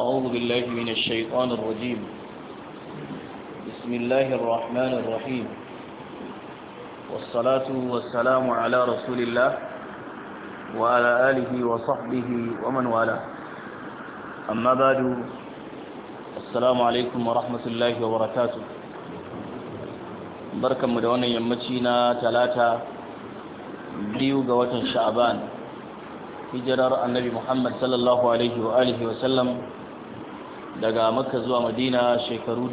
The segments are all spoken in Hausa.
أعوذ بالله من الشيطان الرجيم بسم الله الرحمن الرحيم والصلاة والسلام على رسول الله وعلى آله وصحبه ومن والاه أما بعد السلام عليكم ورحمة الله وبركاته بركة مدونة يمتينا ثلاثة biyu ga watan sha'aban hijirar annabi muhammad sallallahu alaihi wa alihi wa sallam daga makka zuwa madina shekaru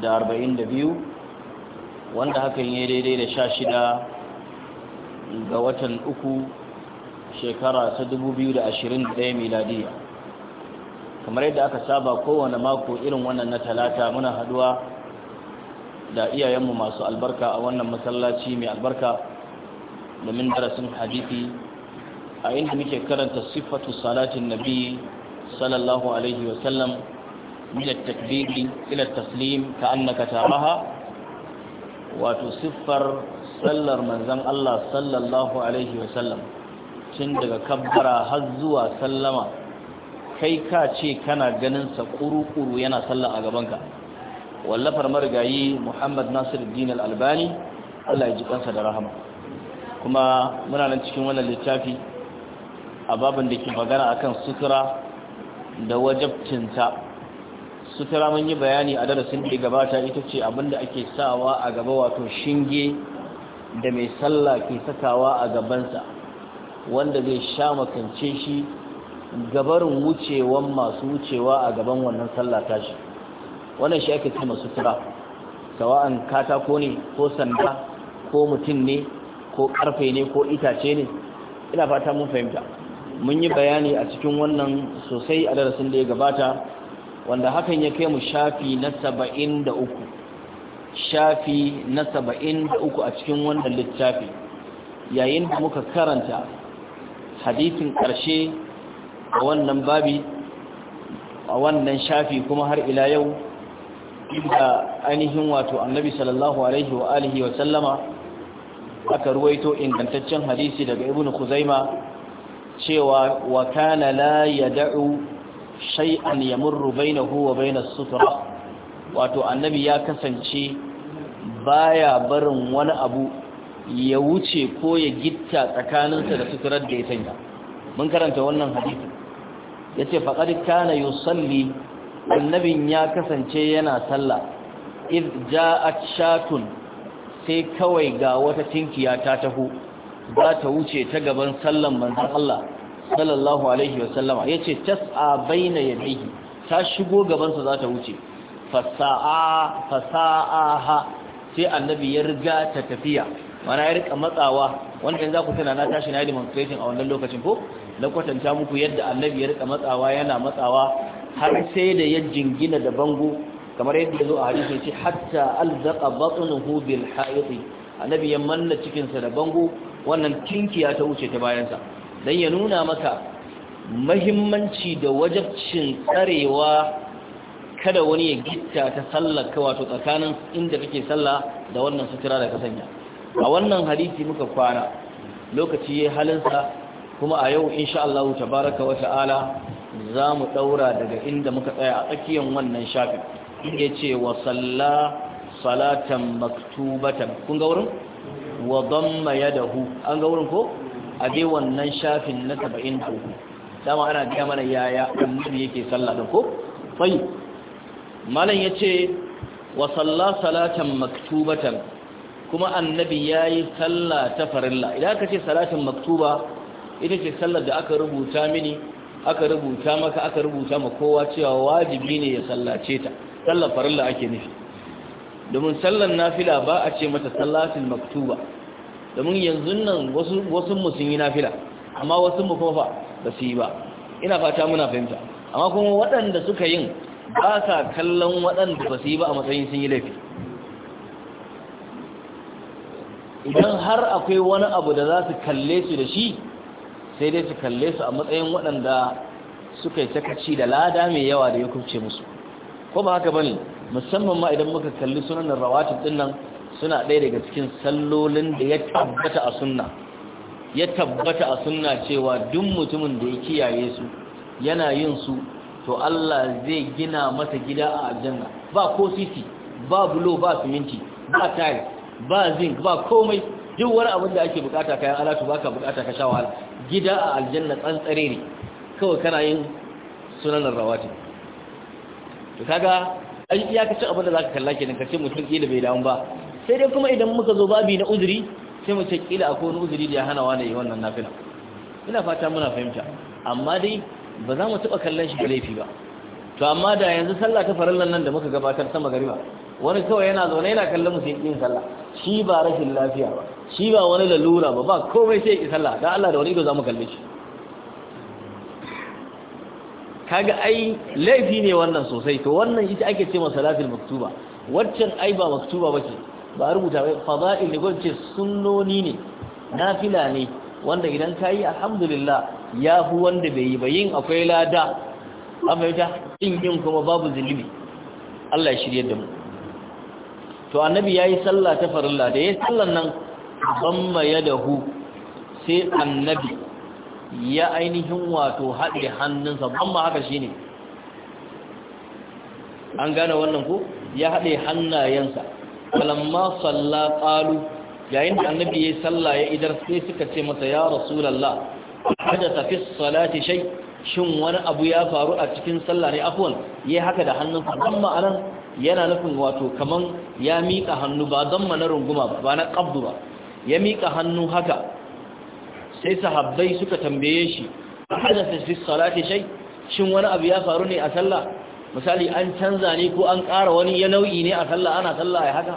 1442 wanda hakan ya daidai da sha shida ga watan uku shekara ta 2021 miladiya kamar yadda aka saba kowane mako irin wannan na talata muna haduwa da iyayenmu masu albarka a wannan masallaci mai albarka domin darasin hadisi a inda muke karanta siffatu salatin nabi صلى الله Ila وسلم من taslim, ka annaka كأنك تراها وتصفر sallar manzan Allah sallallahu Alaihi wasallam tun daga kabbara har zuwa sallama kai ka ce kana ganin sa ƙuru yana sallah a gabanka wallafar marigayi muhammad nasir din albani Allah ya ji kansa da rahama kuma muna nan cikin wannan littafi a babin da ke magana akan sutura da wajabcinta sutura mun yi bayani a darasin da gabata ita ce abinda ake sawa a gaba wato shinge da mai sallah ke sakawa a gabansa wanda zai sha makance shi gabarin wucewan masu wucewa a gaban wannan sallah tashi wannan shi ake cewa sutura sawa'an katako ne ko sanda ko mutum ne ko karfe ne ko itace ne ina fata mun fahimta mun yi bayani a cikin wannan sosai a darasin da ya gabata wanda hakan ya kai mu shafi na saba'in da uku shafi na saba'in da uku a cikin wannan littafi yayin da muka karanta hadisin ƙarshe a wannan babi a wannan shafi kuma har ila yau inda ainihin wato annabi sallallahu alaihi wa alihi wa sallama aka ruwaito ingantaccen hadisi daga ibnu khuzaima cewa wa kana la yad'u shay'an yamurru bainahu wa bainas sutura, wato annabi ya kasance baya barin wani abu ya wuce ko ya gitta tsakaninsa da suturar da ya sanya mun karanta wannan hadisi yace faqad kana yusalli annabin ya kasance yana sallah idda ja'at shatun sai kawai ga wata tinkiya ta taho za ta wuce ta gaban sallan manzan Allah sallallahu alaihi wasallama yace tas'a baina yadayhi ta shigo gabansa sa za ta wuce fasa'a fasa'aha sai annabi ya riga ta tafiya mana ya rika matsawa wanda za ku tana na tashi na yi demonstration a wannan lokacin ko na kwatanta muku yadda annabi ya rika matsawa yana matsawa har sai da ya jingina da bango kamar yadda zo a hadisi ce hatta alzaqa batnuhu bil hayati annabi ya manna cikin sa da bango wannan tinkiya ta wuce ta bayansa don ya nuna maka mahimmanci da wajabcin tsarewa kada wani ya gitta ta sallaka wato tsakanin inda kake sallah da wannan sutura da ka sanya a wannan hadisi muka kwana lokaci ya halinsa kuma a yau insha Allah baraka wa ta'ala za mu ɗaura daga inda muka tsaya a tsakiyar wannan shafin ya ce wa salla salatan maktubatan kun ga wurin wa damma yadahu an ga wurin ko a dai wannan shafin na 73 dama ana ga mana yaya annabi yake sallah da ko sai malam yace wa salla salatan maktubatan kuma annabi yayi sallah ta farilla idan aka ce salatin maktuba ita ce sallar da aka rubuta mini aka rubuta maka aka rubuta ma kowa cewa wajibi ne ya sallace ta sallar farilla ake nufi domin sallar nafila ba a ce mata salatin maktuba domin yanzu nan wasu mu sun yi nafila amma wasu mu kuma fa ba su yi ba ina fata muna fahimta amma kuma waɗanda suka yin ba sa kallon waɗanda ba su yi ba a matsayin sun yi laifi idan har akwai wani abu da za su kalle su da shi sai dai su kalle su a matsayin waɗanda suka yi sakaci da lada mai yawa da ya kubce musu ko ba haka ba ne musamman ma idan muka kalli sunan rawatin dinnan suna ɗaya daga cikin sallolin da ya tabbata a sunna ya tabbata a sunna cewa duk mutumin da ya kiyaye su yana yin su to Allah zai gina masa gida a aljanna ba ko sisi ba bulo ba siminti ba tile ba zinc ba komai duk wani abin da ake bukata kayan alatu baka bukata ka sha wahala gida a aljanna tsantsare ne kawai kana yin sunanan rawatib to kaga ai iyakacin abin da zaka kalla kenan kace mutum da bai dawo ba sai dai kuma idan muka zo babi na uzuri sai mu ce kila akwai wani uzuri da ya hana wani wannan nafila ina fata muna fahimta amma dai ba za mu taɓa kallon shi da laifi ba to amma da yanzu sallah ta farallan nan da muka gabatar sama gariba wani kawai yana zaune yana kallon musu yin sallah shi ba rashin lafiya ba shi ba wani lalura ba ba komai sai yi sallah dan Allah da wani ido za mu kalle shi kaga ai laifi ne wannan sosai to wannan ita ake ce ma salatul maktuba waccan ai ba maktuba bace ba rubuta bai fada'il ne gwamce sunnoni ne nafila ne wanda idan ka yi alhamdulillah ya fi wanda bai yi bayin akwai lada amma ta in yin kuma babu zunubi Allah ya shirye da mu to annabi yayi sallah ta farilla da yayi sallan nan ya dahu sai annabi ya ainihin wato haɗe hannunsa bamma haka shine an gane wannan ko ya haɗe hannayensa falamma salla qalu yayin da annabi yayi salla ya idar sai suka ce masa ya rasulullah hadatha fi salati shay shin wani abu ya faru a cikin sallah ne afwan yayi haka da hannun sa dan ma'anar yana nufin wato kaman ya mika hannu ba dan na runguma ba na qabdu ba ya mika hannu haka sai sahabbai suka tambaye shi hadatha fi salati shay shin wani abu ya faru ne a sallah misali an canza ne ko an ƙara wani ya nau'i ne a sallah ana sallah ya haka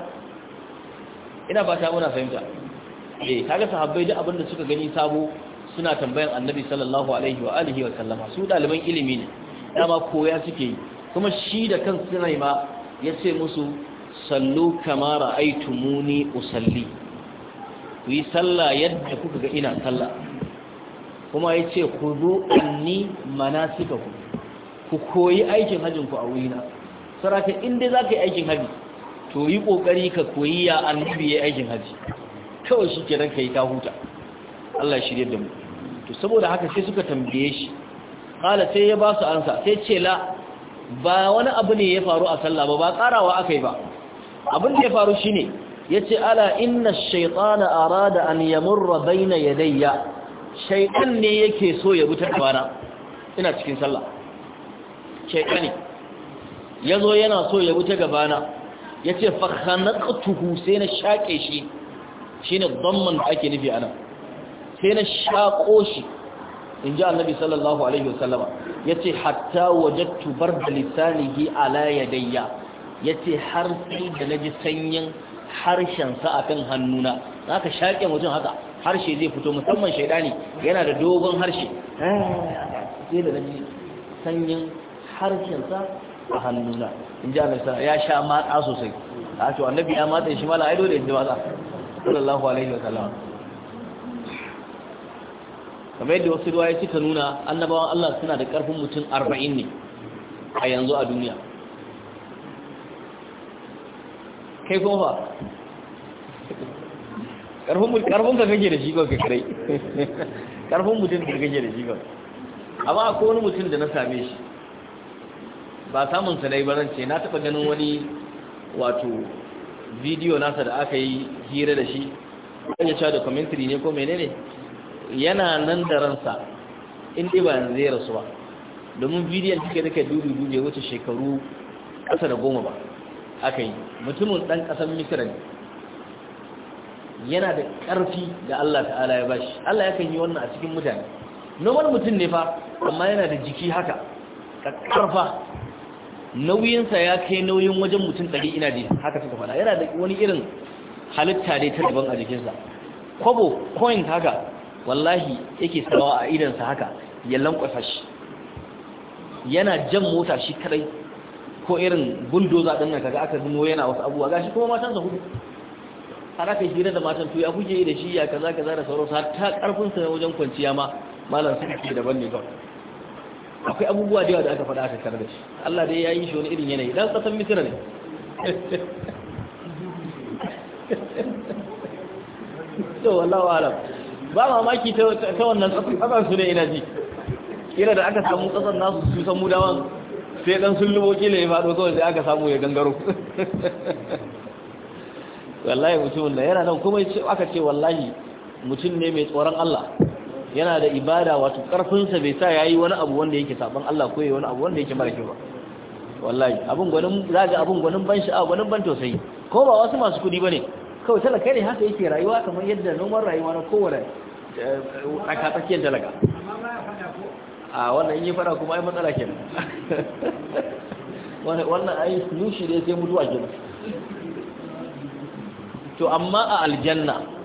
ina ba ta muna fahimta eh kaga sahabbai da abinda suka gani sabo suna tambayan annabi sallallahu alaihi wa alihi wa sallama su daliban ilimi ne dama koya suke yi kuma shi da kan suna yi ma ya ce musu sallu kama ra'aytumuni usalli ku yi sallah yadda kuka ga ina sallah kuma ya ce ku zo anni manasikakum ku koyi aikin hajjin ku a wurina saraka in dai za ka yi aikin haji to yi ƙoƙari ka koyi ya annabi ya aikin hajji kawai shi kenan ka yi ta huta Allah shirya da mu to saboda haka sai suka tambaye shi kala sai ya ba su ansa sai ce la ba wani abu ne ya faru a sallah ba ba karawa aka yi ba abin da ya faru shine ce ala inna ash arada an yamurra bayna yadayya shaytan ne yake so ya bi ta ina cikin sallah shaitani ya zo yana so ya wuce gabana ya ce tuhu sai na shaƙe shi shi ne zamman da ake nufi ana sai na shaƙo shi in ji annabi sallallahu alaihi wasallama ya ce hatta wajattu bar da lisanihi ala daya ya ce har sai da na ji sanyin harshensa a kan hannuna za ka shaƙe mutum haka harshe zai fito musamman shaidani yana da dogon harshe ah, sai da na ji sanyin harshensa a hannuna in ji annabi ya sha matsa sosai a to annabi ya matsa shi mala aido da in ji matsa sallallahu alaihi wa sallam kamar yadda wasu ruwa ya ta nuna annabawan Allah suna da karfin mutum arba'in ne a yanzu a duniya kai kuma ba karfin ka kake da shi kawai kare karfin mutum da kake da shi kawai amma akwai wani mutum da na same shi ba samun sa dai baran ce na taba ganin wani wato bidiyo nasa da aka yi hira da shi kan ya cewa documentary ne ko menene yana nan da ransa in dai ba yanzu ya rasu ba domin bidiyon cike da ke dudu dudu ya wuce shekaru ƙasa da goma ba aka yi mutumin dan kasan misira ne yana da ƙarfi da Allah ta'ala ya bashi Allah ya kan yi wannan a cikin mutane Noman mutum ne fa amma yana da jiki haka ka ƙarfa nauyinsa ya kai nauyin wajen mutum ɗari ina ji haka suka faɗa yana da wani irin halitta dai ta daban a jikinsa kwabo coin haka wallahi yake sawa a idansa haka ya lankwasa shi yana jan mota shi kadai ko irin bulldozer ɗin nan kaga aka zuno yana wasu abubuwa gashi kuma matansa hudu har aka hira da matan tuya kuke da shi ya kaza kaza da sauransu har ta karfin sa wajen kwanciya ma malam sun ke daban ne kawai akwai abubuwa da yawa da aka faɗa aka tare da shi Allah dai ya yi shi wani irin yanayi dan kasan misira ne to wallahi alam ba mamaki ta ta wannan ba su ne ina ji kira da aka samu kasan nasu su san mu dawan sai dan sun lubo kila ya faɗo kawai sai aka samu ya gangaro wallahi mutumin da yana nan kuma aka ce wallahi mutum ne mai tsoron Allah yana da ibada wato karfinsa bai sa yayi wani abu wanda yake saban Allah ko yayi wani abu wanda yake mara kyau ba wallahi abun gwanin zaga abun gwanin ban sha'a gwanin ban tausayi ko ba wasu masu kudi bane kawai talaka ne haka yake rayuwa kamar yadda noman rayuwa na kowane eh, tsaka tsakiyar talaka a wannan in yi fara kuma ai matsala kenan wannan ai nushi ne sai mutuwa kenan to amma a aljanna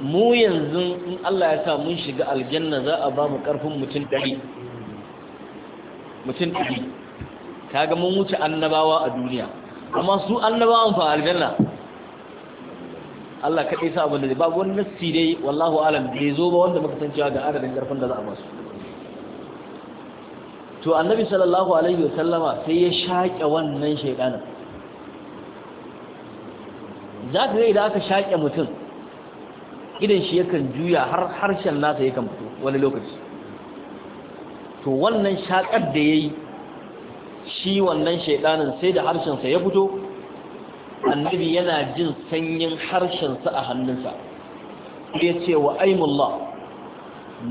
mu yanzu in Allah ya sa mun shiga aljanna za a ba mu ƙarfin mutum ɗari mutum ɗari ta ga mun wuce annabawa a duniya amma su annabawan fa aljanna Allah kaɗai sa abin da zai babu wani nassi dai wallahu alam bai zo ba wanda muka san cewa ga adadin ƙarfin da za a ba su to annabi sallallahu alaihi wasallama sai ya shaƙe wannan shaidanin za ka da idan aka shaƙe mutum idan shi yakan juya har harshen nasa yakan fito wani lokaci to wannan shakar da yayi shi wannan shaidanin sai da harshensa ya fito annabi yana jin sanyin harshensa a hannunsa ya ce wa aimullah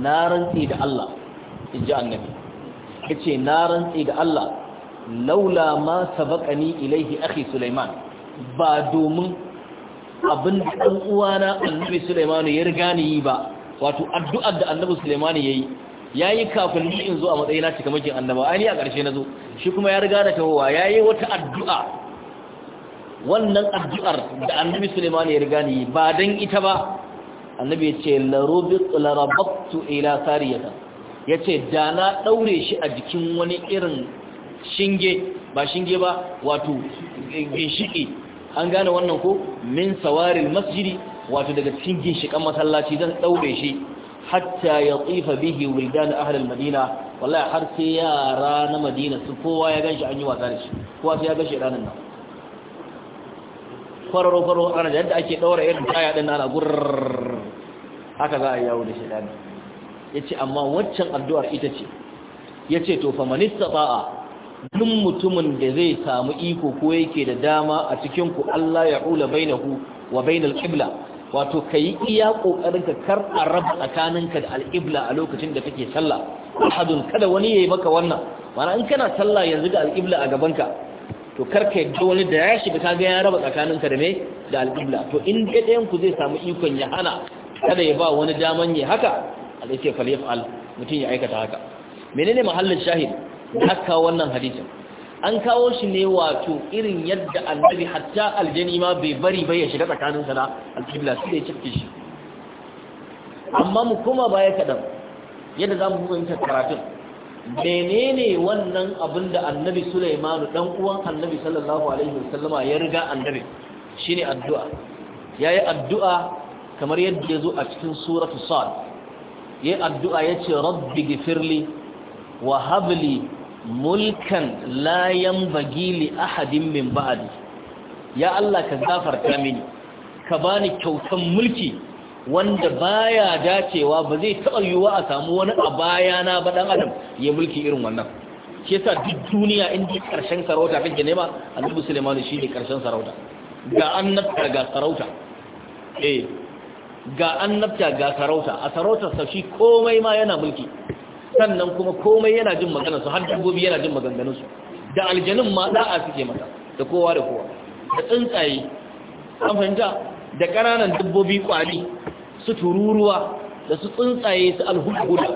na rantsi da Allah in annabi yace na rantsi da Allah laula ma sabaqani ilaihi akhi Sulaiman ba domin abin da ɗan uwana annabi sulaimanu ya riga ni yi ba wato addu'ar da annabi sulaimanu ya yi ya yi kafin ni in zo a matsayi na cikamakin annaba ai ni a ƙarshe na zo shi kuma ya riga da tawowa ya yi wata addu'a wannan addu'ar da annabi sulaimanu ya riga ni ba dan ita ba annabi ya ce larabtu ila sariyata ya ce da na ɗaure shi a jikin wani irin shinge ba shinge ba wato ginshiki an gane wannan ko min sawarin masjidi wato daga cikin ginshikan masallaci zan daure shi hatta ya tsifa bihi wildan ahlul madina wallahi har sai yara na madina su kowa ya ganshi an yi wasa da shi kowa sai ya ganshi ranan nan kwararo kwararo ana da yadda ake daura irin kaya din ana gurr haka za a yawo da shi dani yace amma waccan addu'ar ita ce yace to fa manista istata'a duk mutumin da zai samu iko ko yake da dama a cikin ku Allah ya hula bainahu wa bainal qibla wato kai iya kokarin ka kar a raba tsakaninka da al-qibla a lokacin da kake sallah ahadun kada wani yayi maka wannan mana in kana sallah yanzu da al-qibla a gabanka to kar ka yadda wani da ya shiga kaga ya raba tsakaninka da me da al-qibla to in ɗayan ku zai samu ikon ya hana kada ya ba wani daman yi haka alai ce falyaf al mutum ya aikata haka menene mahallin shahid haka wannan hadisin an kawo shi ne wato irin yadda annabi hatta aljani ma bai bari bai ya shiga tsakanin sa alƙibla su ya cike shi amma mu koma baya kadan yadda za mu fahimta karatun menene wannan abin da annabi Suleimanu, dan uwan annabi sallallahu alaihi wasallama ya riga annabi shine addu'a yayi addu'a kamar yadda ya zo a cikin suratu sad yayi addu'a yace rabbi gifirli wa mulkan layan bagili ahadin min ba'adi ya Allah ka gafarta mini ka bani kyautan mulki wanda baya dacewa ba zai taɓa yiwuwa a samu wani a bayana ba dan adam ya mulki irin wannan shi yasa duk duniya in ji karshen sarauta kake nema duk Sulaiman shi ne karshen sarauta ga annabta ga sarauta eh ga annabta ga sarauta a sarautar sa shi komai ma yana mulki sannan kuma komai yana jin maganar su har dabbobi yana jin maganganun su da aljanun ma da'a suke mata da kowa da kowa da tsuntsaye an fahimta da ƙananan dabbobi kwari su tururuwa da su tsuntsaye su alhuhuda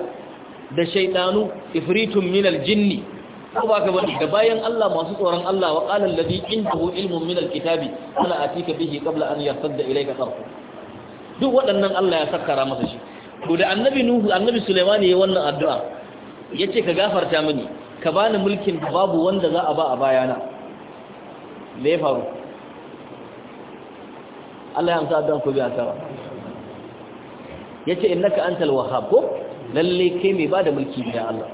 da shaidanu ifritun minal jinni ko ba ka da bayan Allah masu tsoron Allah wa qala alladhi indahu ilmun min alkitabi ana atika bihi qabla an yasadda ilayka tarfu duk waɗannan Allah ya sakkara masa shi to da annabi nuhu annabi sulaiman yayi wannan addu'a yace ka gafarta mini ka bani mulkin da babu wanda za a ba a bayana me ya faru Allah ya amsa addu'an ku biya ta yace innaka antal wahhab ko lalle kai mai bada mulki ne Allah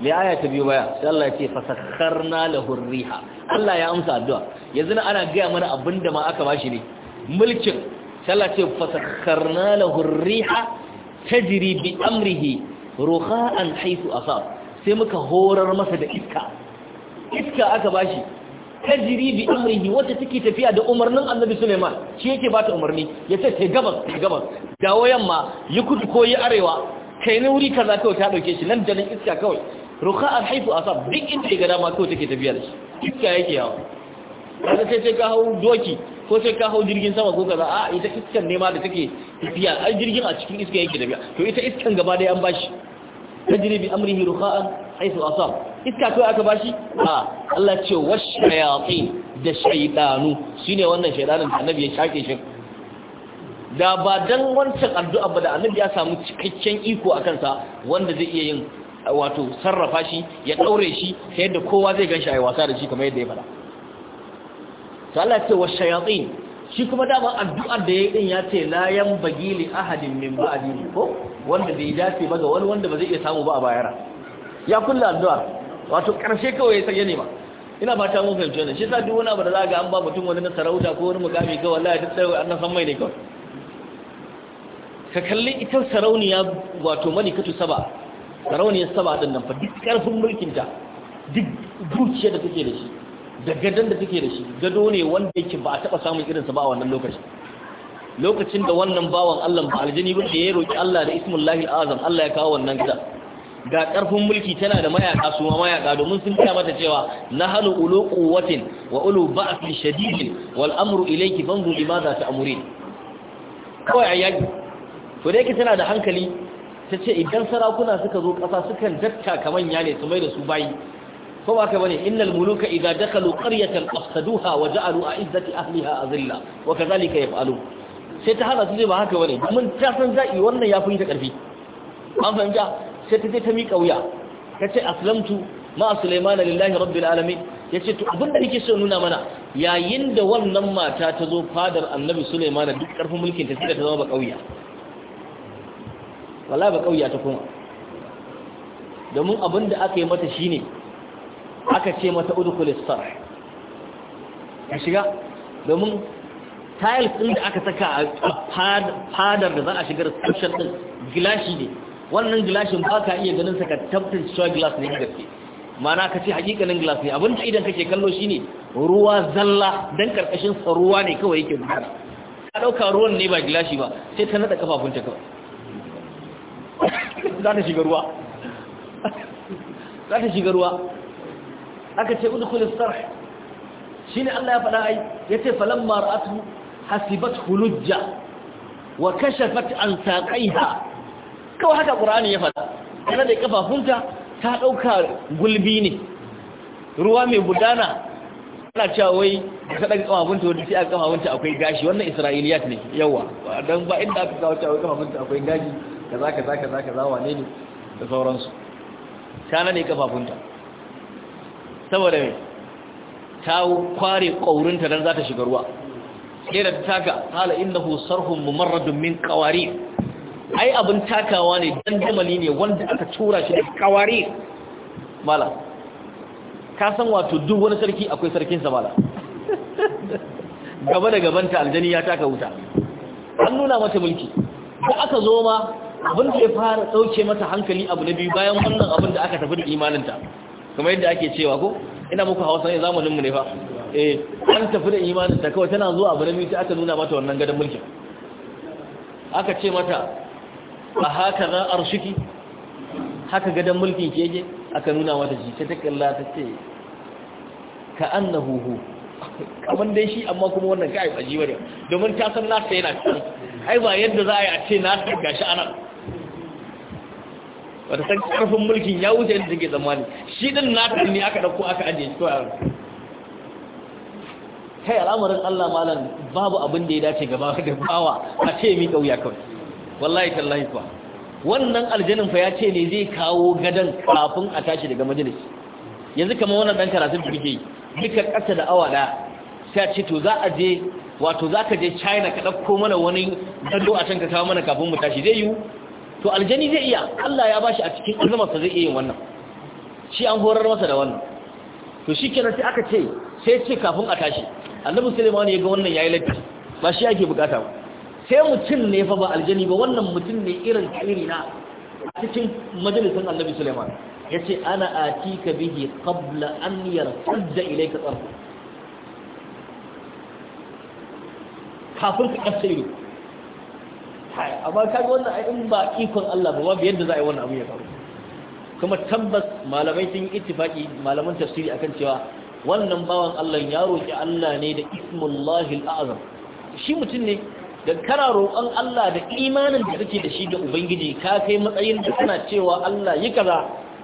me aya ta biyu baya sai Allah ya ce fasakharna lahu riha Allah ya amsa addu'a yanzu ana ga mana abinda ma aka bashi ne mulkin sai Allah ya ce fasakharna lahu riha tajri bi amrihi haythu asab sai muka horar masa da iska iska aka bashi tajri bi amrihi wata take tafiya da umarnin Annabi Sulaiman shi yake bata umarni yace ta gabas ta gabas dawo yamma yi kudu ko yi arewa kai ne wuri kaza kawai ta dauke shi nan da nan iska kawai rukha'an haythu asab duk inda ga dama kawai take tafiya da shi iska yake yawo ba sai sai ka hau doki ko sai ka hau jirgin sama ko kaza a ita iskan ne ma da take tafiya a jirgin a cikin iska yake tafiya to ita iskan gaba da an bashi tajri bi amrihi ruqa'an haythu asab iska kai aka bashi a Allah ce washayatin da shaytanu shine wannan shaydanin da annabi ya shake shi da ba dan wancan addu'a ba da annabi ya samu cikakken iko a kansa wanda zai iya yin wato sarrafa shi ya daure shi ta yadda kowa zai ganshi a wasa da shi kamar yadda ya faɗa to Allah ce wa shayatin shi kuma dama addu'ar da yayi din ya ce la yan bagili ahadin min ba'di ko wanda bai dace ba ga wani wanda ba zai iya samu ba a bayara ya kullu addu'a wato karshe kawai sai yane ba ina ta mun fahimci wannan shi sa duk wani abu da za ga an ba mutum wani na sarauta ko wani mukami ga wallahi duk sai an san mai ne kawai ka kalli ita sarauniya wato malikatu saba sarauniyar saba din nan fa duk karfin mulkinta duk zuciya da take da shi da gadon da take da shi gado ne wanda yake ba a taba samun irinsa ba a wannan lokaci. lokacin da wannan bawan Allah ba aljani ba da ya roki Allah da ismullahi azam Allah ya kawo wannan gida ga karfin mulki tana da mayaka su ma mayaka domin sun kira mata cewa nahanu ulu quwwatin wa ulu ba'sin shadidin wal amru ilayki fanzu bima za ta'murin kawai ayyaki to dai tana da hankali tace idan sarakuna suka zo kasa sukan datta kaman ya ne su mai da su bayi ko ba ka bane innal muluka idza dakalu qaryatan afsaduha wa ja'alu a'izzati ahliha azilla wa kadhalika yaf'alu sai ta hana su zai ba haka bane domin ta san za'i wannan ya fi ta karfi an fahimta sai ta je ta miƙa wuya ta ce aslamtu ma sulaiman lillahi rabbil alamin yace to abinda nake so nuna mana yayin da wannan mata ta zo fadar annabi sulaiman duk karfin mulkin ta sai ta zama ba kauya wallahi ba kauya ta kuma domin abinda aka yi mata shine aka ce mata udukulis sarh ya shiga domin tiles ɗin da aka saka a fadar da za a shigar tushen ɗin gilashi ne wannan gilashin ba ka iya ganin saka tabbatin cewa gilas ne gaske mana ka ce hakikanin gilas ne abinda idan kake kallo shi ne ruwa zalla dan karkashin sa ruwa ne kawai yake zuwa ka dauka ruwan ne ba gilashi ba sai ta nada kafafun ta kawai za ta shiga ruwa za ta shiga ruwa aka ce udkhulus Shi ne Allah ya faɗa ai yace falamma ra'atu hasibat hulujja wa kashafat an saqaiha kawai haka qur'ani ya faɗa kana da kafafunta ta dauka gulbi ne ruwa mai gudana ana cewa wai ka daga kafafunta wanda sai a kafafunta akwai gashi wannan isra'iliyat ne yawa Don ba inda aka kawo cewa kafafunta akwai gashi kaza kaza kaza kaza wane ne da sauransu kana ne kafafunta saboda mai ta kware ƙaurinta don za ta shiga ruwa da ta taka hala inda husarhun mumarradun min kawari ai abin takawa ne don jamali ne wanda aka tura shi da kawari mala ka san wato duk wani sarki akwai sarkinsa mala gaba da gabanta aljani ya taka wuta an nuna mata mulki da aka zo ma abin da ya fara ɗauke mata hankali abu na biyu bayan wannan abin da aka tafi da imaninta Kuma yadda ake cewa ko ina muku hausa ne zamanin mu ne fa eh an tafi da imanin ta kawai tana zuwa abu da mita aka nuna mata wannan gadon mulkin aka ce mata a haka za arshiki haka gadon mulkin keke aka nuna mata shi ta takalla ta ce ka annahu hu kamar dai shi amma kuma wannan kai a jiwa ne domin ta san nasa yana kan ai ba yadda za a yi a ce na ta gashi anan wata san karfin mulkin ya wuce inda take tsammani shi din nata ne aka dauko aka ajiye shi a kai al'amarin Allah malam babu abin da ya dace gaba da bawa a ce mi kauya kawai wallahi tallahi fa. wannan aljanin fa ya ce ne zai kawo gadan kafin a tashi daga majalis yanzu kamar wannan dan karatu da kike yi duka ƙasa da awa daya sai a ce to za a je wato za ka je china ka dauko mana wani gado a can ka kawo mana kafin mu tashi zai yiwu to aljani zai iya Allah ya bashi a cikin azumarsa zai iya yin wannan shi an horar masa da wannan to shi kenan sai aka ce sai ce kafin a tashi annabi sulaiman ya ga wannan yayi laifi ba shi yake bukata ba sai mutum ne fa ba aljani ba wannan mutum ne irin kairi na cikin majalisar annabi sulaiman ya ce ana atika bihi qabla an yarfadda ilayka tsarku kafin ka kasa amma kaga wannan ai in ba ikon Allah ba babu yadda za a yi wannan abu ya faru kuma tabbas malamai sun yi ittifaki malaman tafsiri akan cewa wannan bawan Allah ya roki Allah ne da ismullahil azam shi mutum ne da kana roƙon Allah da imanin da kake da shi da ubangiji ka kai matsayin da kana cewa Allah yi kaza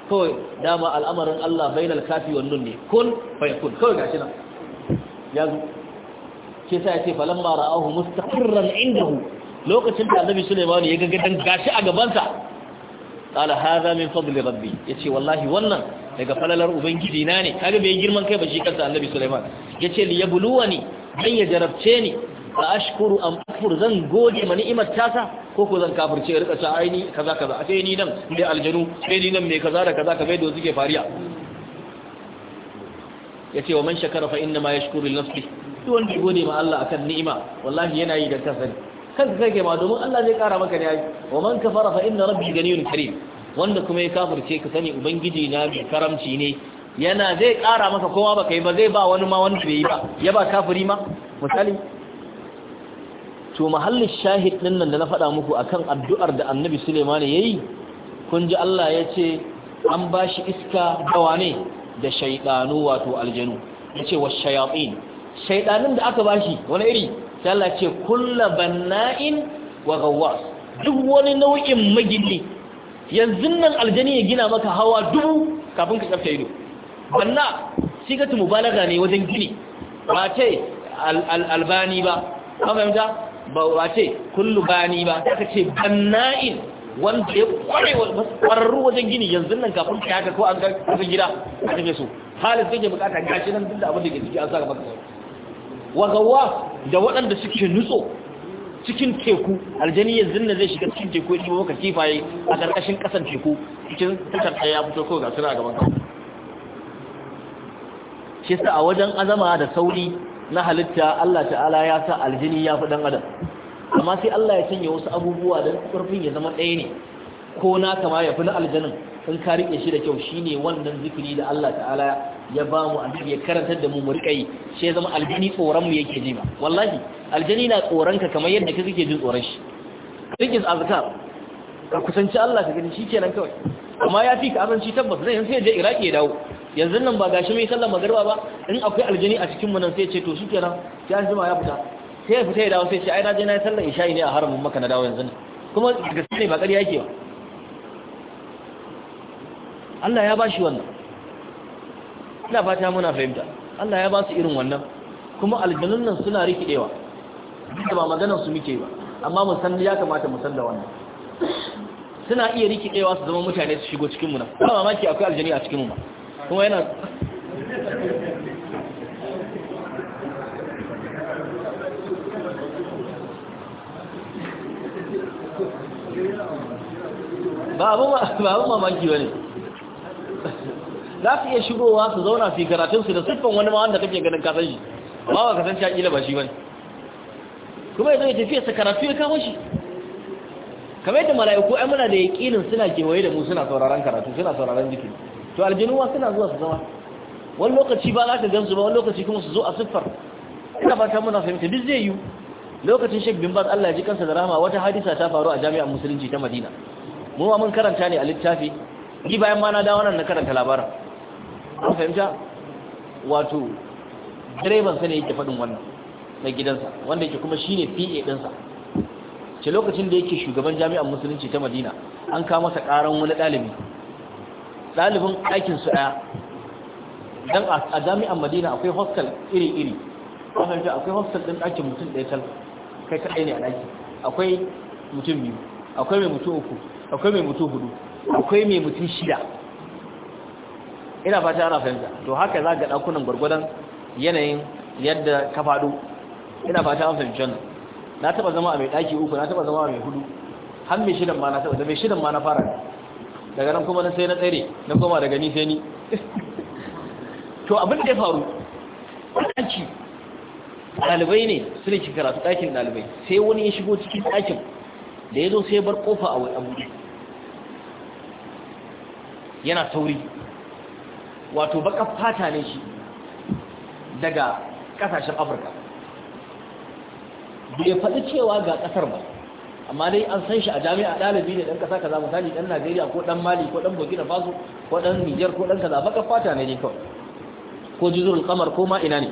kawai dama al'amarin Allah bainal kafi wannan ne kun fayakun kawai gashi nan ya zo ke sa ya ce falamma ra'ahu mustaqirran indahu lokacin da annabi Sulaiman ya ga gadan gashi a gabansa qala hadha min fadli rabbi yace wallahi wannan daga falalar ubangiji na ne kaga bai girman kai ba shi kansa annabi Sulaiman yace li yabluwani dan ya jarabce ni a ashkuru am akfur zan gode ma ni'imar tasa ko ko zan kafirce rika ta aini kaza kaza a sai ni nan mai aljanu sai ni nan me kaza da kaza kaza da suke fariya yace wa man shakara fa inna ma yashkuru li nafsihi duk wanda gode ma Allah akan ni'ima wallahi yana yi da kansa kai rage ma domin Allah zai kara maka ne ai wa man kafara fa inna rabbi ganiyun karim wanda kuma ya kafirce ka sani ubangiji na mai karamci ne yana zai kara maka kowa baka yi ba zai ba wani ma wani su yi ba ya ba kafiri ma misali to mahallin shahid din nan da na faɗa muku akan addu'ar da annabi Suleiman yi, kun ji Allah ya ce an bashi iska da wane da shaydanu wato aljanu yace wa shayatin shaydanin da aka bashi wani iri Allah ce kulla banna'in wa gawwas duk wani nau'in magini yanzu nan aljani ya gina maka hawa dubu kafin ka tsafta ido banna sigatu balaga ne wajen gini ba ce albani ba kamanta ba ba ce kullu bani ba ta ce banna'in wanda ya kware kwararru wajen gini yanzu nan kafin ka yaka ko an ga kusan gida a tafi su halin sai ke bukata gashi nan duk da abin da ke ciki an sa saka maka sauri wa da waɗanda suke nutso cikin teku aljani yanzu ne zai shiga cikin teku ya maka kifaye a ƙarƙashin ƙasan teku cikin tutar ɗaya ya fito kawai ga suna gaban ka shi sa a wajen azama da sauri na halitta Allah ta'ala ya sa aljini ya fi dan adam amma sai Allah ya sanya wasu abubuwa don ƙarfin ya zama ɗaya ne ko na kama ya fi na aljanin in ka riƙe shi da kyau shine wannan zikiri da Allah ta'ala ya ba mu annabi ya karanta da mu mu riƙa yi shi ya zama aljani tsoron mu yake ji ba wallahi aljani na tsoron ka kamar yadda kake jin tsoron shi rikin azkar ka kusanci Allah ka gani shikenan kawai amma ya fi ka azanci tabbas zai sai je Iraki ya dawo yanzu nan ba gashi mai sallar magarba ba in akwai aljani a cikin mu nan sai ce to shikenan sai an jima ya fita sai ya fita ya dawo sai ce ai na je na yi sallar isha'i ne a haramin maka na dawo yanzu kuma gaskiya ne ba ƙarya yake ba Allah ya bashi wannan ina fata muna fahimta Allah ya ba su irin wannan kuma aljanun nan suna rikidewa duk ba maganar su muke ba amma mun san ya kamata mu san da wannan suna iya rikidewa su zama mutane su shigo cikin mu na ba mamaki akwai aljani a cikin mu kuma yana ba abun mamaki ba ne za su iya shigowa su zauna fi karatunsu da siffan wani ma wanda kake ganin kasan shi amma ba kasan shi akila ba shi wani kuma yanzu ya tafiya su karatu ya kawo shi kamar yadda mala'iku ai muna da yaƙinin suna kewaye da mu suna sauraron karatu suna sauraron jiki to aljinu suna zuwa su zama wani lokaci ba za ka gansu ba wani lokaci kuma su zo a siffar ina fata muna fahimta duk zai yi lokacin Sheikh bin Baz Allah ya ji kansa da rahama wata hadisa ta faru a jami'ar musulunci ta Madina mu ma mun karanta ne a littafi ni bayan ma na dawo nan na karanta labarin an fahimta wato direban sa ne yake faɗin wannan na gidansa wanda yake kuma shine PA ɗinsa ce lokacin da yake shugaban jami'an musulunci ta Madina an kawo masa ƙaran wani ɗalibi ɗalibin aikin su ɗaya dan a jami'an Madina akwai hostel iri-iri kasance akwai hostel ɗin ɗakin mutum ɗaya tal kai kaɗai ne a ɗaki akwai mutum biyu akwai mai mutum uku akwai mai mutum hudu akwai mai mutum shida ina fata ana fahimta to haka za ga ɗakunan gwargwadon yanayin yadda ka faɗo ina fata an fahimci wannan na taɓa zama a mai ɗaki uku na taɓa zama a mai hudu har mai shidan ma na taɓa da mai shidan ma na fara daga nan kuma na sai na tsere na koma daga ni sai ni to abin da ya faru ɗaki ɗalibai ne su ne ke karatu ɗakin ɗalibai sai wani ya shigo cikin ɗakin da ya zo sai bar kofa a wani abu yana sauri wato baka fata ne shi daga kasashen afirka bai faɗi cewa ga ƙasar ba amma dai an san shi a jami'a ɗalibi ne ɗan ƙasa zama misali ɗan najeriya ko ɗan mali ko ɗan burkina faso ko ɗan nijar ko ɗan kaza baka fata ne ne kawai ko jizur kamar ko ma ina ne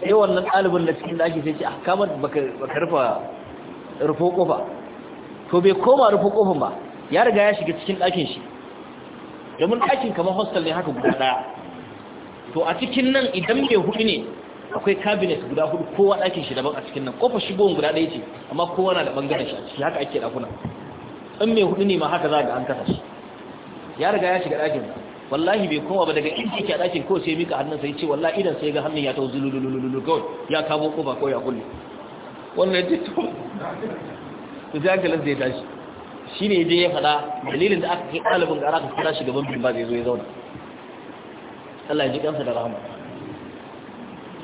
sai wannan ɗalibin na cikin ɗaki sai ce a ah, kamar baka rufa rufo ƙofa to bai koma rufo ƙofan ba ya riga ya shiga cikin ɗakin shi domin ɗakin kamar hostel ne haka guda ɗaya to a cikin nan idan mai hudu ne akwai cabinet guda hudu kowa ɗakin shi daban a cikin nan kofa shigowar guda ɗaya ce amma kowa na da ɓangaren shi a ciki haka ake ɗakuna in mai hudu ne ma haka za ga an kasa shi ya riga ya shiga ɗakin wallahi bai koma ba daga inda yake a ɗakin ko sai mika hannun sai ce wallahi idan sai ga hannun ya wuzi zululululu kawai ya kamo kofa ko ya kulle wannan ya ce to to jagalin zai tashi shi ne je ya faɗa dalilin da aka kai ɗalibin gara ka kira shugaban bin ba zai zo ya zauna Allah ya ji kansa da rahama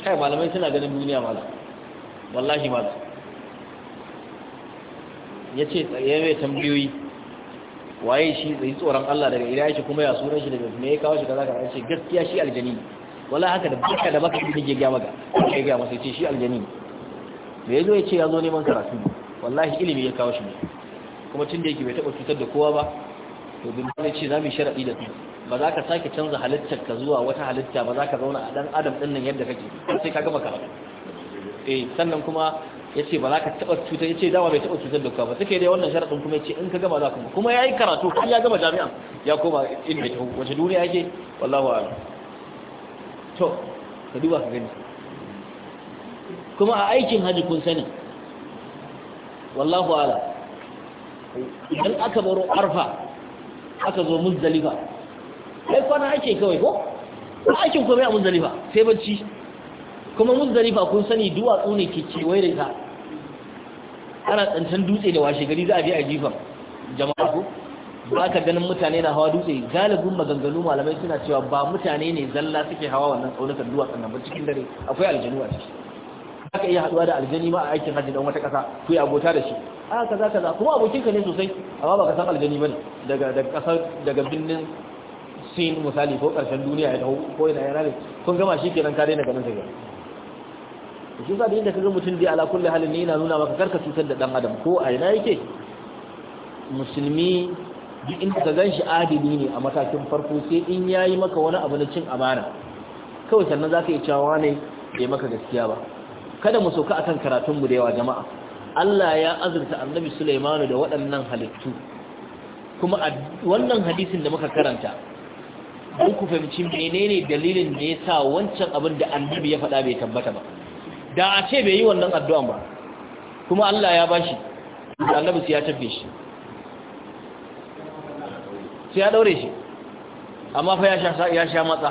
kai malamai suna ganin duniya mala wallahi mala ya ce ya mai tambayoyi waye shi zai tsoron Allah daga ina yake kuma ya sura shi daga me ya kawo shi kaza ka ce gaskiya shi aljani wala haka da baka da baka kike ga maka kai ga masa ce shi aljani me yazo ya ce ya zo neman karatu wallahi ilimi ya kawo shi ne kuma tun da yake bai taɓa cutar da kowa ba to bin ba ce za mu sharaɗi da su ba za ka sake canza halittar ka zuwa wata halitta ba za ka zauna a ɗan adam ɗin nan yadda kake sai ka gama karatu eh sannan kuma ya ce ba za ka taɓa cutar ya ce dama bai taɓa cutar da kowa ba suka yi dai wannan sharaɗin kuma ya ce in ka gama za kuma kuma ya yi karatu har ya gama jami'a ya koma in inda ya wace duniya yake wallahu a'lam to ka duba ka gani kuma a aikin hajji kun sani wallahu a'lam idan aka baro arfa aka zo muzdalifa sai kwana ake kawai ko ba aikin komai a muzdalifa sai bacci kuma muzdalifa kun sani duwatsu ne ke kewaye da ita ana tsantsan dutse da washe gari za a je a jifa jama'a ko ba ka ganin mutane na hawa dutse galibin maganganu malamai suna cewa ba mutane ne zalla suke hawa wannan tsaunukan duwatsun nan ba cikin dare akwai aljanu a ciki ka iya haduwa da aljani ma a aikin hajji dan wata kasa ku yi abota da shi a kaza kaza kuma abokin ka ne sosai amma baka san aljani bane daga daga kasar daga binnin sin misali ko karshen duniya ya dawo ko ina yana ne kun gama shi kenan ka daina ganin sai shi sa da inda kaga mutum dai ala kulli halin ne yana nuna maka karka cutar da dan adam ko a ina yake musulmi duk inda ka gan shi adili ne a matakin farko sai in yi maka wani abu na cin amana kawai sannan za ka yi cewa ne bai maka gaskiya ba kada mu sauka akan karatun mu da yawa jama'a Allah ya azurta annabi Sulaiman da waɗannan halittu kuma a wannan hadisin da muka karanta don ku fahimci menene dalilin da ya sa wancan abin da annabi ya faɗa bai tabbata ba da a ce bai yi wannan addu'an ba kuma Allah ya bashi annabi sai ya tabbe shi sai ya daure shi amma fa ya sha ya sha matsa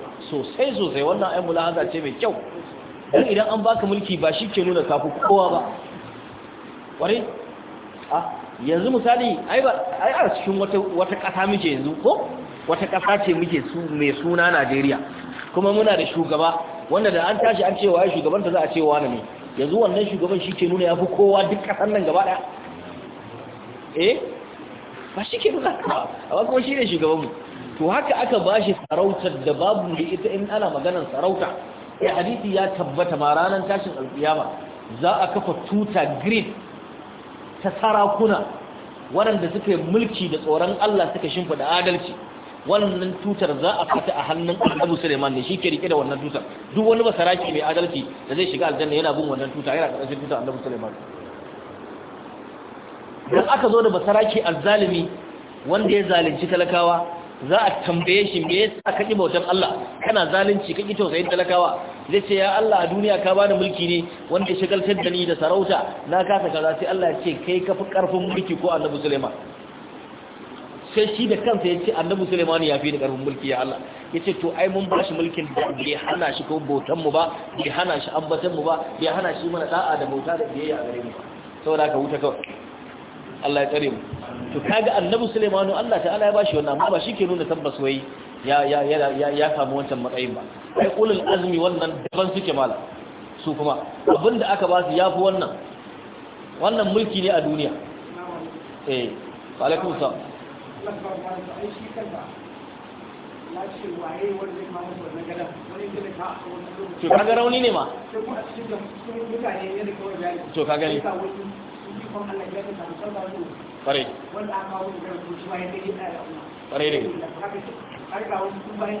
sosai sosai wannan ai mulahaza ce mai kyau dan idan an baka mulki ba shi ke nuna kafu kowa ba kware a yanzu misali ai ba ai a cikin wata wata kasa muke yanzu ko wata kasa ce muke su mai suna Najeriya kuma muna da shugaba wanda da an tashi an cewa ya shugabanta za a ce wa ne yanzu wannan shugaban shi ke nuna ya fi kowa duk kasan nan gaba daya eh ba shi ke nuna ba kuma shi ne shugabanmu to haka aka bashi sarautar da babu mai ita in ana maganar sarauta ya hadisi ya tabbata ma ranar tashin alkiyama za a kafa tuta grid ta sarakuna waɗanda suka yi mulki da tsoron Allah suka shimfida adalci wannan tutar za a fata a hannun Abu Suleiman ne shi ke rike da wannan tutar duk wani basaraki mai adalci da zai shiga aljanna yana bin wannan tuta yana karkashin tutar Annabi Suleiman dan aka zo da basaraki azzalimi wanda ya zalunci talakawa za a tambaye shi me yasa ka ki bautar Allah kana zalunci ka ƙi tausayin talakawa zai ce ya Allah a duniya ka bani mulki ne wanda ya shagaltar da ni da sarauta na kasa kaza sai Allah ya ce kai ka fi karfin mulki ko Annabi Sulaiman sai shi da kansa ya ce Annabi Sulaiman ya fi ni karfin mulki ya Allah ya ce to ai mun bashi mulkin da bai hana shi ko bautan mu ba bai hana shi ambatan mu ba bai hana shi mana da'a da bauta da biyayya a gare mu saboda ka huta kawai Allah ya tsare mu to kaga annabi sulaimanu Allah ta'ala ya bashi wannan amma ba shi ke nuna tabbas wai ya ya ya ya samu wancan matsayin ba ai ulul azmi wannan daban suke mala su kuma abinda aka ba su yafi wannan wannan mulki ne a duniya eh wa alaikum salam to kaga rauni ne ma to kaga ne kwarai wanda aka kawo da kwarai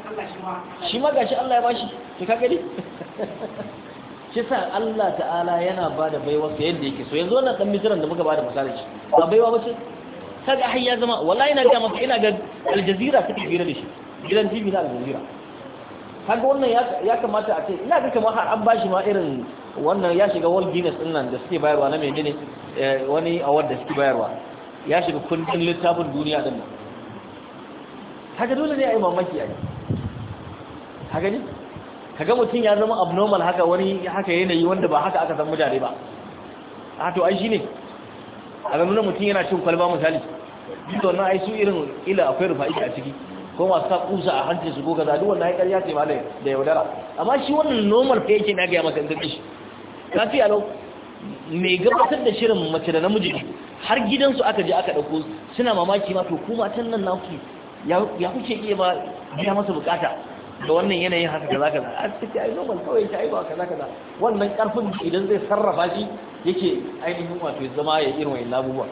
da ga shi ma shi Allah ya bashi ki ka gani Kisa Allah ta'ala yana bada da baiwa sa yadda yake so yanzu wannan dan misiran da muka ba da misali shi ba baiwa ba ce kaga ai ya zama wallahi ina ga masa ina ga Al Jazeera take hira da shi gidan TV na Al Jazeera kaga wannan ya kamata a ce ina ga kamar har an bashi ma irin wannan ya shiga World Guinness din nan da suke bayarwa na menene eh, wani award da suke bayarwa ya shiga kundin littafin duniya din nan kaga dole ne a yi mamaki a yi kaga ne kaga mutum ya zama abnormal haka wani haka yanayi wanda ba haka aka san mutane ba a to ai ne, a ga nuna mutum yana cin kwalba misali duk wannan ai su irin ila akwai rufa a ciki ko masu sa kusa a hancin su ko kaza duk wannan ai ƙarya ce ma da yaudara amma shi wannan normal fa yake na ga maka in ka shi lafiya lau mai gabatar da shirin mace da namiji har gidansu aka je aka dauko suna mamaki ma to ku matan nan na ya kuke iya ba biya masa bukata da wannan yanayin haka kaza kaza a cikin ai normal kawai ta ba kaza kaza wannan karfin idan zai sarrafa shi yake ainihin wato zama ya irin wayan abubuwa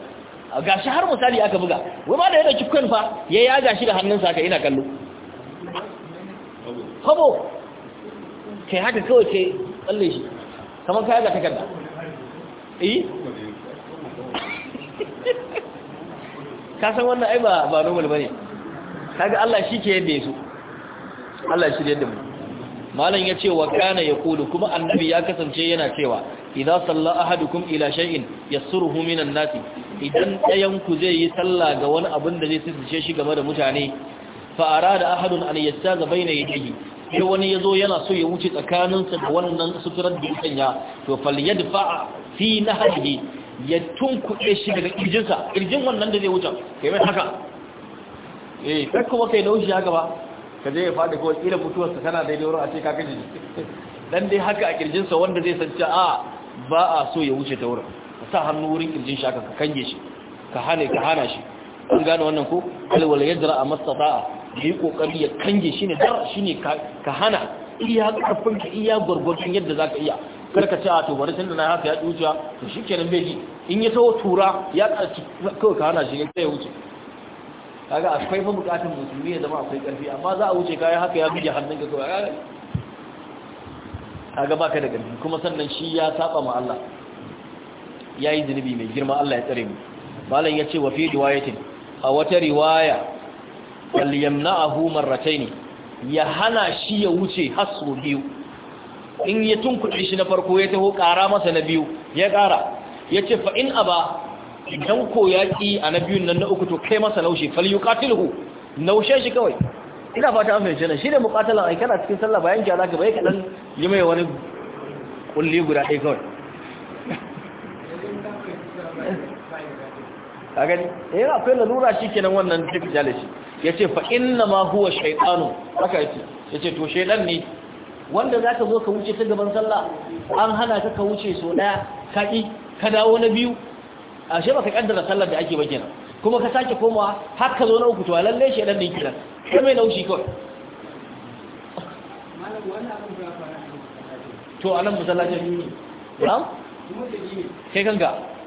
gashi har misali aka buga wai ma da yana cikin kan fa ya gashi shi da hannunsa ka ina kallo habo kai haka kawai kai tsalle shi kamar kai ga takarda eh ka san wannan ai ba ba normal bane kaga Allah shi ke yadda yaso Allah shi yadda mu malam yace wa kana yaqulu kuma annabi ya kasance yana cewa idza salla ahadukum ila shay'in yassuruhu minan nasi idan ɗayan ku zai yi salla ga wani abin da zai tsice shi game da mutane fa arada ahadun an yastaga bayna yadihi sai wani ya zo yana so ya wuce tsakaninsa da wannan suturar da ya sanya to da fa'a fi na haɗe ya tunkuɗe shi daga ƙirjinsa ƙirjin wannan da zai wuce kai mai haka eh kai kuma kai naushi haka ba ka je ya faɗi kawai ƙira mutuwarsa tana daidai wurin a ce ka kaji dan dai haka a ƙirjinsa wanda zai san a ah, ba a so ya wuce ta wurin ka sa hannu wurin ƙirjin shi haka ka kange shi ka hane ka hana shi an gane wannan ko alwala yadra a mastata'a ya yi kokari ya kange shi ne dar shi ne ka hana iya karfin ka iya gwargwarkin yadda za ka iya karka ce a to tun da na haka ya wucewa to shi kenan bai ji in ya taho tura ya karci kawai ka hana shi ya tsaye wuce kaga akwai fa bukatun musulmi ya zama akwai karfi amma za a wuce kayan haka ya buge hannun ka kawai kaga baka da karfi kuma sannan shi ya saba ma Allah yi zunubi mai girma Allah ya tsare mu malam ya ce wa fi riwayatin a wata riwaya a human marratayn ya hana shi ya wuce hasu biyu in ya tunkuɗe shi na farko ya taho ƙara masa na biyu ya ƙara ya ce fa in aba idan ko ya ƙi a na biyun nan na uku to kai masa naushe fal yuqatiluhu naushe shi kawai ina fata an fahimci nan shi ne muƙatalan ai kana cikin sallah bayan ki alaka bai kaɗan yi mai wani kulli guda ɗaya kawai A gani yana eh, akwai lalura kenan wannan duk jalashi ce fa inna ma huwa shaitanu haka ya ce to shaitan ne wanda ka zo ka wuce ta gaban sallah an hana ka ka wuce so daya ka ka dawo na biyu ashe baka kaddara sallar da ake ba kenan kuma ka sake komawa har ka zo na uku to lalle shaydan ne nan. Ka mai naushi kawai to anan musallacin ba kai kanka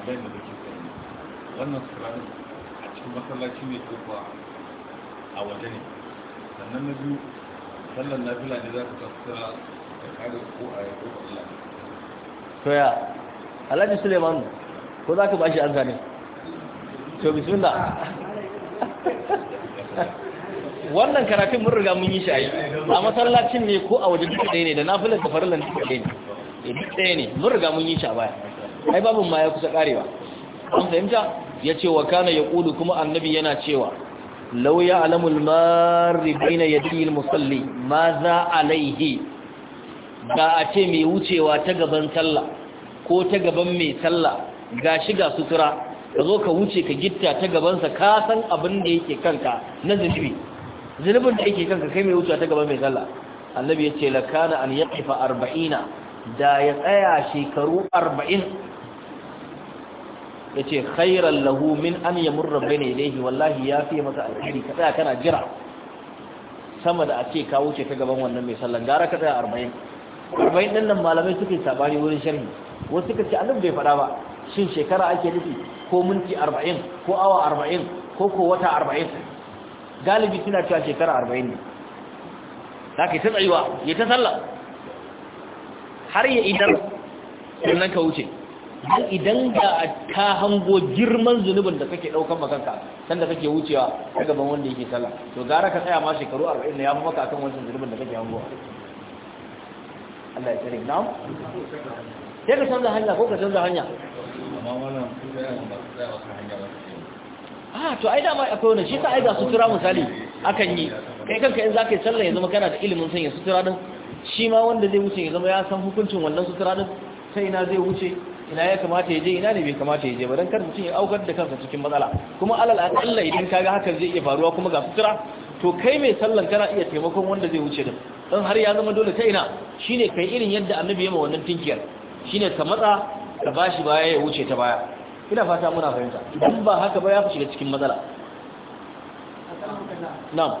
tambayar da kake sani wannan sulamin a cikin masallaci ne ko ba a waje ne sannan na biyu na nafila ne za ka tafsira da kare ko a yau ko Allah to ya Alhaji Suleiman ko za ka ba shi an ne to bismillah wannan karatun mun riga mun yi shi a masallacin ne ko a wajen duk ɗaya ne da nafilar da farillan duk ɗaya ne eh, duk ɗaya ne mun riga mun yi shi a baya ai babu ma ya kusa karewa an fahimta ya ce wa kana ya ƙudu kuma annabi yana cewa lauya alamul mari baina yadil musalli ma za ba a ce mai wucewa ta gaban sallah ko ta gaban mai sallah ga shiga sutura ka zo ka wuce ka gitta ta gabansa ka san abin da yake kanka na zunubi zunubin da yake kanka kai mai wucewa ta gaban mai sallah annabi ya ce la kana an yaqifa arba'ina da ya tsaya shekaru arba'in ya ce khairar lahu min an ya murra bai ne ilaihi wallahi ya fiye masa alhari ka tsaya kana jira sama da a ce ka wuce ta gaban wannan mai sallan gara ka tsaya arba'in arba'in ɗin nan malamai suka yi sabani wurin sharhi wasu suka ce annabi bai faɗa ba shin shekara ake nufi ko minti arba'in ko awa arba'in ko ko wata arba'in galibi suna cewa shekara arba'in ne za ka yi ta tsayuwa ya ta sallah har ya idan sunan ka wuce don idan ga ka hango girman zunubin da kake ɗaukan makanka sanda kake wucewa ta gaban wanda yake sallah to gara ka tsaya ma shekaru arba'in da ya fi maka akan wancan zunubin da kake hango Allah ya tsare na sai ka canza hanya ko ka canza hanya da ah to ai dama akwai wani shi ta ai sutura misali akan yi kai kanka in zaka yi sallah ya zama kana da ilimin sanya sutura din shi ma wanda zai wuce ya zama ya san hukuncin wannan sutura din sai ina zai wuce ina ya kamata ya je ina ne bai kamata ya je ba dan kar mutum ya aukar da kansa cikin matsala kuma alal aqalla idan kaga hakan zai iya faruwa kuma ga sutura to kai mai sallan kana iya taimakon wanda zai wuce din dan har ya zama dole ta ina shine kai irin yadda annabi ya ma wannan tinkiyar shine ka matsa ka bashi baya ya wuce ta baya ina fata muna fahimta idan ba haka ba ya fi shiga cikin matsala na'am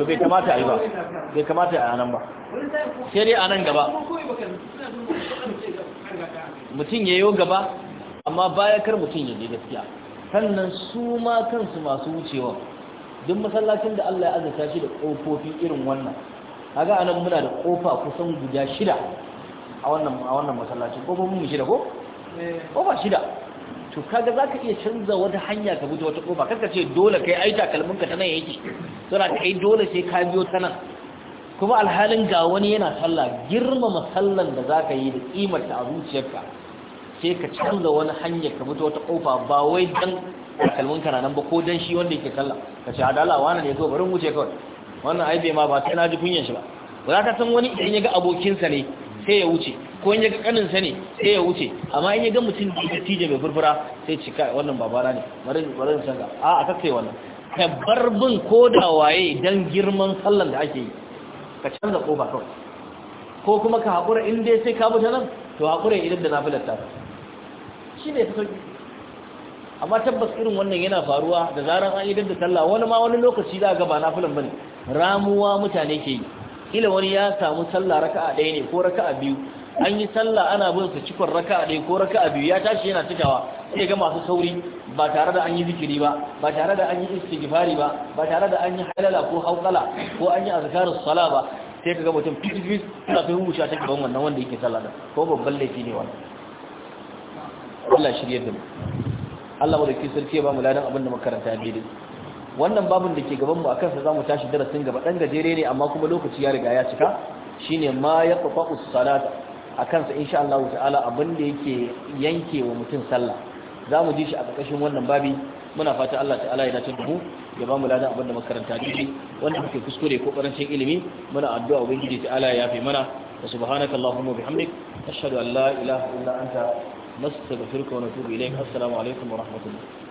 to bai kamata a yi ba bai kamata a nan ba sai dai a nan gaba mutum ya yi gaba amma baya kar mutum ya je gaskiya sannan su ma kansu masu wucewa duk masallacin da Allah ya azurta shi da kofofi irin wannan a anan muna da kofa kusan guda shida a wannan masallacin kofofin mu shida ko kofa eh. shida to kaga zaka iya canza wata hanya ka buta wata kofa kanka ce dole kai ai takalmin ka ta yake suna ka kai dole sai ka biyo ta nan kuma alhalin ga wani yana sallah girmama sallan da zaka yi da kimar ta a zuciyarka sai ka canza wani hanya ka buta wata kofa ba wai dan takalmin ka nan ba ko dan shi wanda yake sallah ka ce adala wani ne to bari mu wuce kawai wannan ai bai ma ba sai na ji kunyan shi ba ba za ka san wani idan ya ga abokinsa ne sai ya wuce ko in ya ga kanin sa ne sai ya wuce amma in ya ga mutum da tije mai furfura sai cika kai wannan babara ne bari bari san ga a a kakai wannan ka bar bin koda waye dan girman sallan da ake yi ka canza kofa kawai ko kuma ka haƙura in dai sai ka buta nan to haƙura idan da nafilar ta shi ne ta sauki amma tabbas irin wannan yana faruwa da zaran an idan da sallah wani ma wani lokaci za ga ba nafilan bane ramuwa mutane ke yi kila wani ya samu sallah raka'a ɗaya ne ko raka'a biyu an yi sallah ana bin su cikon raka ɗaya ko raka biyu ya tashi yana cikawa sai ga masu sauri ba tare da an yi zikiri ba ba tare da an yi istighfari ba ba tare da an yi halala ko hauqala ko an yi azkarus sala ba sai kaga mutum fitfit suna fi humusha ta gaban wannan wanda yake sallah da ko babban laifi ne wannan Allah shirye da mu Allah barki sarki ya ba mu ladan abin da makaranta daidai wannan babin da ke gaban mu akan sa zamu tashi darasin gaba dan gajere ne amma kuma lokaci ya riga ya cika shine ma yaqfa'u salata a kansa insha Allah ta'ala abin da yake yanke wa mutum sallah za mu ji shi a ƙarƙashin wannan babi muna fata Allah ta'ala ya dace da mu ya ba mu ladan abin da makaranta dai wanda muke kuskure ko barancin ilimi muna addu'a ubangiji ta'ala ya yafe mana wa subhanaka allahumma bihamdik ashhadu an la ilaha illa anta nastaghfiruka wa natubu ilayk assalamu alaikum wa rahmatullah